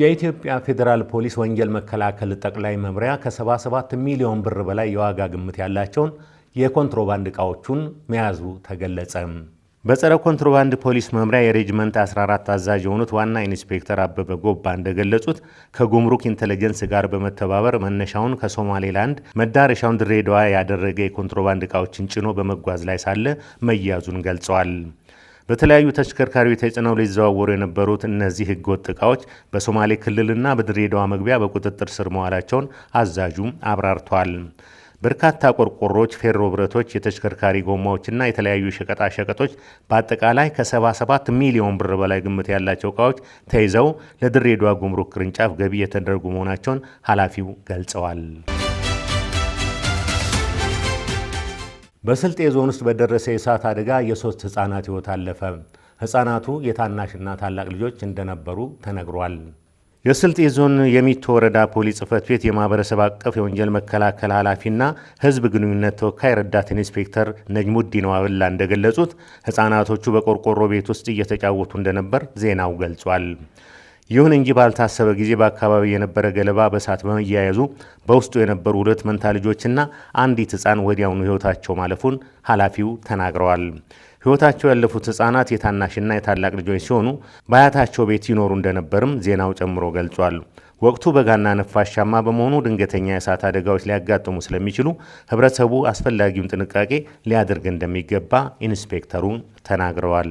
የኢትዮጵያ ፌዴራል ፖሊስ ወንጀል መከላከል ጠቅላይ መምሪያ ከ77 ሚሊዮን ብር በላይ የዋጋ ግምት ያላቸውን የኮንትሮባንድ ዕቃዎቹን መያዙ ተገለጸ። በጸረ ኮንትሮባንድ ፖሊስ መምሪያ የሬጅመንት 14 አዛዥ የሆኑት ዋና ኢንስፔክተር አበበ ጎባ እንደገለጹት ከጉምሩክ ኢንቴሊጀንስ ጋር በመተባበር መነሻውን ከሶማሌላንድ መዳረሻውን ድሬዳዋ ያደረገ የኮንትሮባንድ ዕቃዎችን ጭኖ በመጓዝ ላይ ሳለ መያዙን ገልጸዋል። በተለያዩ ተሽከርካሪዎች ተጭነው ሊዘዋወሩ የነበሩት እነዚህ ህገወጥ እቃዎች በሶማሌ ክልልና በድሬዳዋ መግቢያ በቁጥጥር ስር መዋላቸውን አዛዡም አብራርቷል። በርካታ ቆርቆሮች፣ ፌሮ ብረቶች፣ የተሽከርካሪ ጎማዎችና የተለያዩ ሸቀጣ ሸቀጦች በአጠቃላይ ከ77 ሚሊዮን ብር በላይ ግምት ያላቸው እቃዎች ተይዘው ለድሬዳዋ ጉምሩክ ቅርንጫፍ ገቢ የተደረጉ መሆናቸውን ኃላፊው ገልጸዋል። በስልጤ ዞን ውስጥ በደረሰ የእሳት አደጋ የሶስት ህፃናት ህይወት አለፈ። ህፃናቱ የታናሽና ታላቅ ልጆች እንደነበሩ ተነግሯል። የስልጤ ዞን የሚቶ ወረዳ ፖሊስ ጽህፈት ቤት የማህበረሰብ አቀፍ የወንጀል መከላከል ኃላፊና ህዝብ ግንኙነት ተወካይ ረዳት ኢንስፔክተር ነጅሙዲን ዋብላ እንደገለጹት ህፃናቶቹ በቆርቆሮ ቤት ውስጥ እየተጫወቱ እንደነበር ዜናው ገልጿል። ይሁን እንጂ ባልታሰበ ጊዜ በአካባቢ የነበረ ገለባ በእሳት በመያያዙ በውስጡ የነበሩ ሁለት መንታ ልጆችና አንዲት ሕፃን ወዲያውኑ ሕይወታቸው ማለፉን ኃላፊው ተናግረዋል። ሕይወታቸው ያለፉት ሕፃናት የታናሽና የታላቅ ልጆች ሲሆኑ በአያታቸው ቤት ይኖሩ እንደነበርም ዜናው ጨምሮ ገልጿል። ወቅቱ በጋና ነፋሻማ በመሆኑ ድንገተኛ የእሳት አደጋዎች ሊያጋጥሙ ስለሚችሉ ህብረተሰቡ አስፈላጊውን ጥንቃቄ ሊያደርግ እንደሚገባ ኢንስፔክተሩ ተናግረዋል።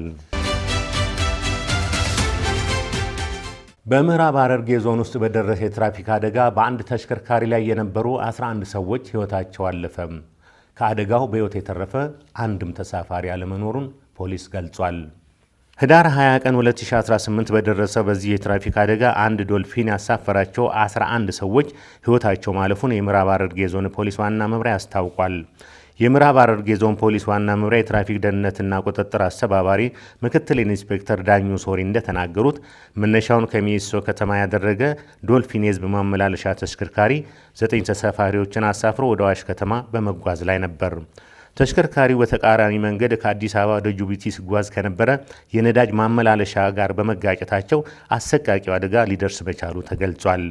በምዕራብ ሐረርጌ ዞን ውስጥ በደረሰ የትራፊክ አደጋ በአንድ ተሽከርካሪ ላይ የነበሩ 11 ሰዎች ሕይወታቸው አለፈ። ከአደጋው በሕይወት የተረፈ አንድም ተሳፋሪ አለመኖሩን ፖሊስ ገልጿል። ህዳር 20 ቀን 2018 በደረሰ በዚህ የትራፊክ አደጋ አንድ ዶልፊን ያሳፈራቸው 11 ሰዎች ሕይወታቸው ማለፉን የምዕራብ ሐረርጌ ዞን ፖሊስ ዋና መምሪያ አስታውቋል። የምዕራብ ሐረርጌ ዞን ፖሊስ ዋና መምሪያ የትራፊክ ደህንነትና ቁጥጥር አስተባባሪ ምክትል ኢንስፔክተር ዳኙ ሶሪ እንደተናገሩት መነሻውን ከሚኤሶ ከተማ ያደረገ ዶልፊን የህዝብ ማመላለሻ ተሽከርካሪ ዘጠኝ ተሳፋሪዎችን አሳፍሮ ወደ አዋሽ ከተማ በመጓዝ ላይ ነበር። ተሽከርካሪው በተቃራኒ መንገድ ከአዲስ አበባ ወደ ጅቡቲ ሲጓዝ ከነበረ የነዳጅ ማመላለሻ ጋር በመጋጨታቸው አሰቃቂው አደጋ ሊደርስ መቻሉ ተገልጿል።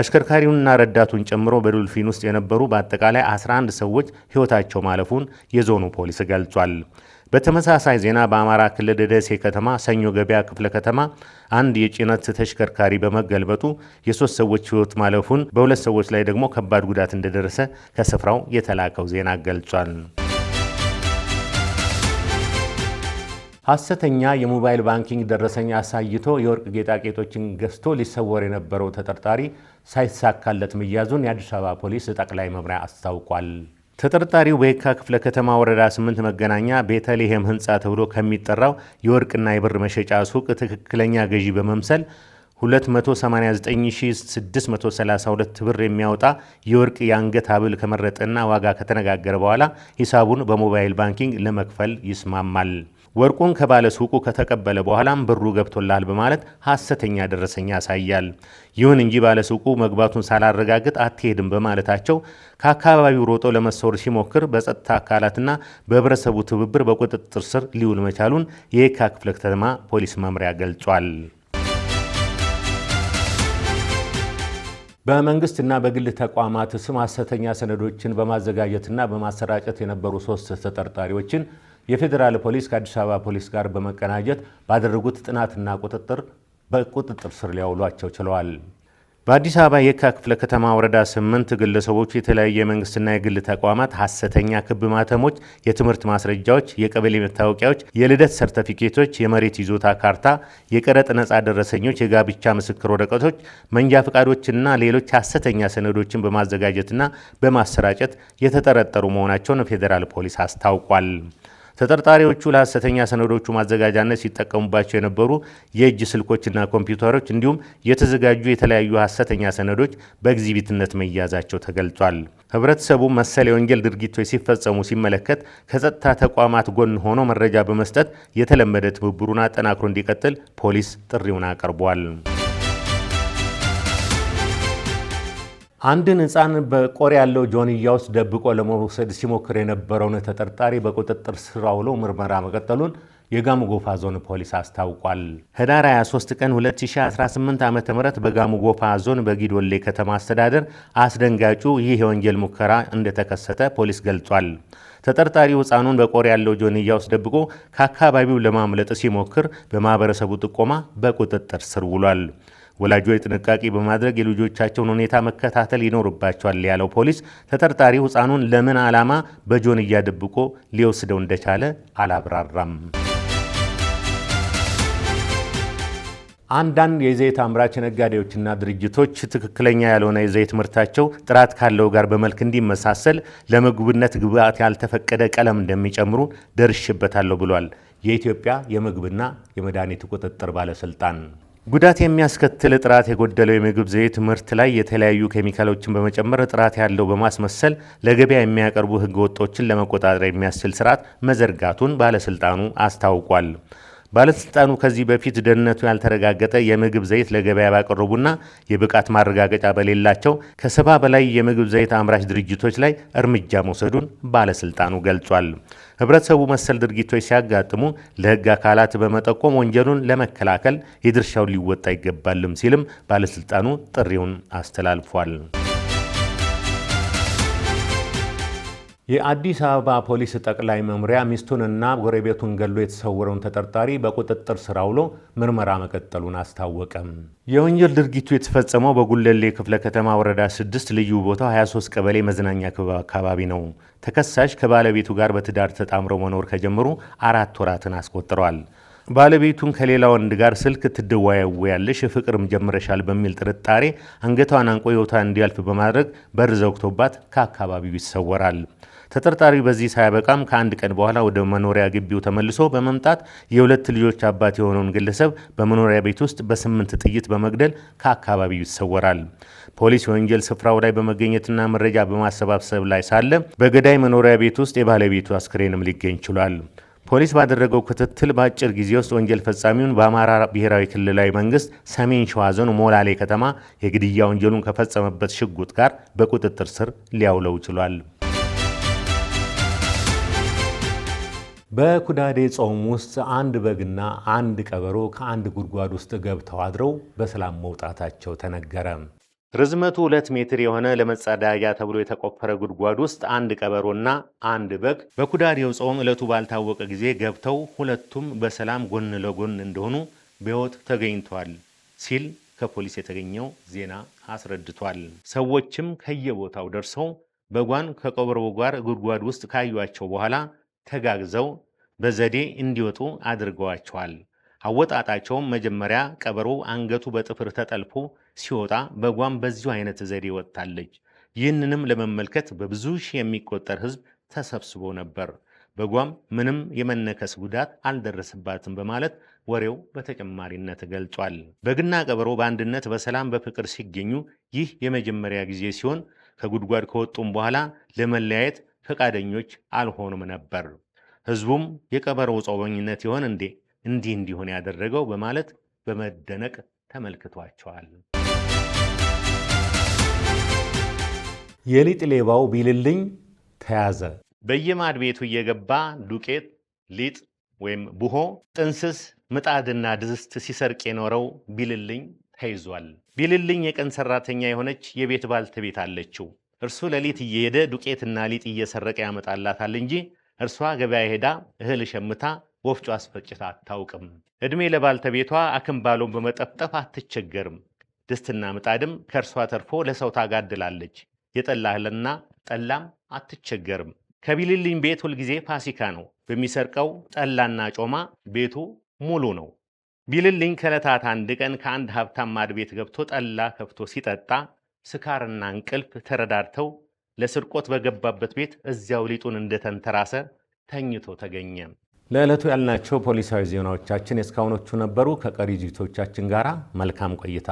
አሽከርካሪውንና ረዳቱን ጨምሮ በዶልፊን ውስጥ የነበሩ በአጠቃላይ 11 ሰዎች ሕይወታቸው ማለፉን የዞኑ ፖሊስ ገልጿል። በተመሳሳይ ዜና በአማራ ክልል ደሴ ከተማ ሰኞ ገበያ ክፍለ ከተማ አንድ የጭነት ተሽከርካሪ በመገልበጡ የሶስት ሰዎች ሕይወት ማለፉን፣ በሁለት ሰዎች ላይ ደግሞ ከባድ ጉዳት እንደደረሰ ከስፍራው የተላከው ዜና ገልጿል። ሐሰተኛ የሞባይል ባንኪንግ ደረሰኝ አሳይቶ የወርቅ ጌጣጌጦችን ገዝቶ ሊሰወር የነበረው ተጠርጣሪ ሳይሳካለት መያዙን የአዲስ አበባ ፖሊስ ጠቅላይ መምሪያ አስታውቋል። ተጠርጣሪው በየካ ክፍለ ከተማ ወረዳ 8 መገናኛ ቤተልሔም ሕንፃ ተብሎ ከሚጠራው የወርቅና የብር መሸጫ ሱቅ ትክክለኛ ገዢ በመምሰል 289632 ብር የሚያወጣ የወርቅ የአንገት ሐብል ከመረጠና ዋጋ ከተነጋገረ በኋላ ሂሳቡን በሞባይል ባንኪንግ ለመክፈል ይስማማል። ወርቁን ከባለ ሱቁ ከተቀበለ በኋላም ብሩ ገብቶላል በማለት ሐሰተኛ ደረሰኝ ያሳያል። ይሁን እንጂ ባለ ሱቁ መግባቱን ሳላረጋግጥ አትሄድም በማለታቸው ከአካባቢው ሮጦ ለመሰወር ሲሞክር በጸጥታ አካላትና በህብረተሰቡ ትብብር በቁጥጥር ስር ሊውል መቻሉን የየካ ክፍለ ከተማ ፖሊስ መምሪያ ገልጿል። በመንግስትና በግል ተቋማት ስም ሐሰተኛ ሰነዶችን በማዘጋጀትና በማሰራጨት የነበሩ ሶስት ተጠርጣሪዎችን የፌዴራል ፖሊስ ከአዲስ አበባ ፖሊስ ጋር በመቀናጀት ባደረጉት ጥናትና ቁጥጥር በቁጥጥር ስር ሊያውሏቸው ችለዋል። በአዲስ አበባ የካ ክፍለ ከተማ ወረዳ ስምንት ግለሰቦች የተለያዩ የመንግስትና የግል ተቋማት ሐሰተኛ ክብ ማተሞች፣ የትምህርት ማስረጃዎች፣ የቀበሌ መታወቂያዎች፣ የልደት ሰርተፊኬቶች፣ የመሬት ይዞታ ካርታ፣ የቀረጥ ነፃ ደረሰኞች፣ የጋብቻ ምስክር ወረቀቶች፣ መንጃ ፈቃዶችና ሌሎች ሐሰተኛ ሰነዶችን በማዘጋጀትና በማሰራጨት የተጠረጠሩ መሆናቸውን ፌዴራል ፖሊስ አስታውቋል። ተጠርጣሪዎቹ ለሐሰተኛ ሰነዶቹ ማዘጋጃነት ሲጠቀሙባቸው የነበሩ የእጅ ስልኮችና ኮምፒውተሮች እንዲሁም የተዘጋጁ የተለያዩ ሐሰተኛ ሰነዶች በእግዚቢትነት መያዛቸው ተገልጿል። ህብረተሰቡ መሰል የወንጀል ድርጊቶች ሲፈጸሙ ሲመለከት ከጸጥታ ተቋማት ጎን ሆኖ መረጃ በመስጠት የተለመደ ትብብሩን አጠናክሮ እንዲቀጥል ፖሊስ ጥሪውን አቅርቧል። አንድን ህፃን በቆር ያለው ጆንያ ውስጥ ደብቆ ለመውሰድ ሲሞክር የነበረውን ተጠርጣሪ በቁጥጥር ስር አውሎ ምርመራ መቀጠሉን የጋሞ ጎፋ ዞን ፖሊስ አስታውቋል። ህዳር 23 ቀን 2018 ዓ ም በጋሞ ጎፋ ዞን በጊዶሌ ከተማ አስተዳደር አስደንጋጩ ይህ የወንጀል ሙከራ እንደተከሰተ ፖሊስ ገልጿል። ተጠርጣሪው ህፃኑን በቆር ያለው ጆንያ ውስጥ ደብቆ ከአካባቢው ለማምለጥ ሲሞክር በማህበረሰቡ ጥቆማ በቁጥጥር ስር ውሏል። ወላጆች ጥንቃቄ በማድረግ የልጆቻቸውን ሁኔታ መከታተል ይኖርባቸዋል ያለው ፖሊስ ተጠርጣሪው ሕፃኑን ለምን ዓላማ በጆን እያደብቆ ሊወስደው እንደቻለ አላብራራም። አንዳንድ የዘይት አምራች ነጋዴዎችና ድርጅቶች ትክክለኛ ያልሆነ የዘይት ምርታቸው ጥራት ካለው ጋር በመልክ እንዲመሳሰል ለምግብነት ግብዓት ያልተፈቀደ ቀለም እንደሚጨምሩ ደርሽበታለሁ ብሏል የኢትዮጵያ የምግብና የመድኃኒት ቁጥጥር ባለስልጣን። ጉዳት የሚያስከትል ጥራት የጎደለው የምግብ ዘይት ምርት ላይ የተለያዩ ኬሚካሎችን በመጨመር ጥራት ያለው በማስመሰል ለገበያ የሚያቀርቡ ህገ ወጦችን ለመቆጣጠር የሚያስችል ስርዓት መዘርጋቱን ባለስልጣኑ አስታውቋል። ባለስልጣኑ ከዚህ በፊት ደህንነቱ ያልተረጋገጠ የምግብ ዘይት ለገበያ ባቀረቡና የብቃት ማረጋገጫ በሌላቸው ከሰባ በላይ የምግብ ዘይት አምራች ድርጅቶች ላይ እርምጃ መውሰዱን ባለስልጣኑ ገልጿል። ህብረተሰቡ መሰል ድርጊቶች ሲያጋጥሙ ለህግ አካላት በመጠቆም ወንጀሉን ለመከላከል የድርሻውን ሊወጣ ይገባልም ሲልም ባለስልጣኑ ጥሪውን አስተላልፏል። የአዲስ አበባ ፖሊስ ጠቅላይ መምሪያ ሚስቱንና ጎረቤቱን ገሎ የተሰወረውን ተጠርጣሪ በቁጥጥር ስር አውሎ ምርመራ መቀጠሉን አስታወቀም። የወንጀል ድርጊቱ የተፈጸመው በጉለሌ ክፍለ ከተማ ወረዳ 6 ልዩ ቦታው 23 ቀበሌ መዝናኛ አካባቢ ነው። ተከሳሽ ከባለቤቱ ጋር በትዳር ተጣምረው መኖር ከጀመሩ አራት ወራትን አስቆጥረዋል። ባለቤቱን ከሌላ ወንድ ጋር ስልክ ያለሽ ፍቅርም ጀምረሻል በሚል ጥርጣሬ አንገቷን አንቆ ሕይወቷ እንዲያልፍ በማድረግ በር ዘግቶባት ከአካባቢው ይሰወራል። ተጠርጣሪው በዚህ ሳያበቃም ከአንድ ቀን በኋላ ወደ መኖሪያ ግቢው ተመልሶ በመምጣት የሁለት ልጆች አባት የሆነውን ግለሰብ በመኖሪያ ቤት ውስጥ በስምንት ጥይት በመግደል ከአካባቢው ይሰወራል። ፖሊስ የወንጀል ስፍራው ላይ በመገኘትና መረጃ በማሰባሰብ ላይ ሳለ በገዳይ መኖሪያ ቤት ውስጥ የባለቤቱ አስክሬንም ሊገኝ ችሏል። ፖሊስ ባደረገው ክትትል በአጭር ጊዜ ውስጥ ወንጀል ፈጻሚውን በአማራ ብሔራዊ ክልላዊ መንግስት ሰሜን ሸዋ ዞን ሞላሌ ከተማ የግድያ ወንጀሉን ከፈጸመበት ሽጉጥ ጋር በቁጥጥር ስር ሊያውለው ችሏል። በኩዳዴ ጾም ውስጥ አንድ በግና አንድ ቀበሮ ከአንድ ጉድጓድ ውስጥ ገብተው አድረው በሰላም መውጣታቸው ተነገረ። ርዝመቱ ሁለት ሜትር የሆነ ለመጸዳጃ ተብሎ የተቆፈረ ጉድጓድ ውስጥ አንድ ቀበሮና አንድ በግ በኩዳዴው ጾም ዕለቱ ባልታወቀ ጊዜ ገብተው ሁለቱም በሰላም ጎን ለጎን እንደሆኑ በሕይወት ተገኝቷል ሲል ከፖሊስ የተገኘው ዜና አስረድቷል። ሰዎችም ከየቦታው ደርሰው በጓን ከቀበሮ ጋር ጉድጓድ ውስጥ ካዩቸው በኋላ ተጋግዘው በዘዴ እንዲወጡ አድርገዋቸዋል። አወጣጣቸውም መጀመሪያ ቀበሮ አንገቱ በጥፍር ተጠልፎ ሲወጣ በጓም በዚሁ አይነት ዘዴ ወጥታለች። ይህንንም ለመመልከት በብዙ ሺህ የሚቆጠር ሕዝብ ተሰብስቦ ነበር። በጓም ምንም የመነከስ ጉዳት አልደረሰባትም በማለት ወሬው በተጨማሪነት ገልጿል። በግና ቀበሮ በአንድነት በሰላም በፍቅር ሲገኙ ይህ የመጀመሪያ ጊዜ ሲሆን ከጉድጓድ ከወጡም በኋላ ለመለያየት ፈቃደኞች አልሆኑም ነበር። ህዝቡም የቀበሮው ጾመኝነት ይሆን እንዴ እንዲህ እንዲሆን ያደረገው በማለት በመደነቅ ተመልክቷቸዋል። የሊጥ ሌባው ቢልልኝ ተያዘ። በየማድ ቤቱ እየገባ ዱቄት፣ ሊጥ ወይም ቡሆ፣ ጥንስስ፣ ምጣድና ድስት ሲሰርቅ የኖረው ቢልልኝ ተይዟል። ቢልልኝ የቀን ሰራተኛ የሆነች የቤት ባልተቤት አለችው። እርሱ ሌሊት እየሄደ ዱቄትና ሊጥ እየሰረቀ ያመጣላታል እንጂ እርሷ ገበያ ሄዳ እህል ሸምታ ወፍጮ አስፈጭታ አታውቅም። ዕድሜ ለባልተቤቷ አክምባሎን በመጠፍጠፍ አትቸገርም። ድስትና ምጣድም ከእርሷ ተርፎ ለሰው ታጋድላለች። የጠላ እህልና ጠላም አትቸገርም። ከቢልልኝ ቤት ሁልጊዜ ፋሲካ ነው። በሚሰርቀው ጠላና ጮማ ቤቱ ሙሉ ነው። ቢልልኝ ከዕለታት አንድ ቀን ከአንድ ሀብታም ማድ ቤት ገብቶ ጠላ ከፍቶ ሲጠጣ ስካርና እንቅልፍ ተረዳድተው ለስርቆት በገባበት ቤት እዚያው ሊጡን እንደተንተራሰ ተኝቶ ተገኘ። ለዕለቱ ያልናቸው ፖሊሳዊ ዜናዎቻችን የእስካሁኖቹ ነበሩ። ከቀሪ ዝግጅቶቻችን ጋር መልካም ቆይታ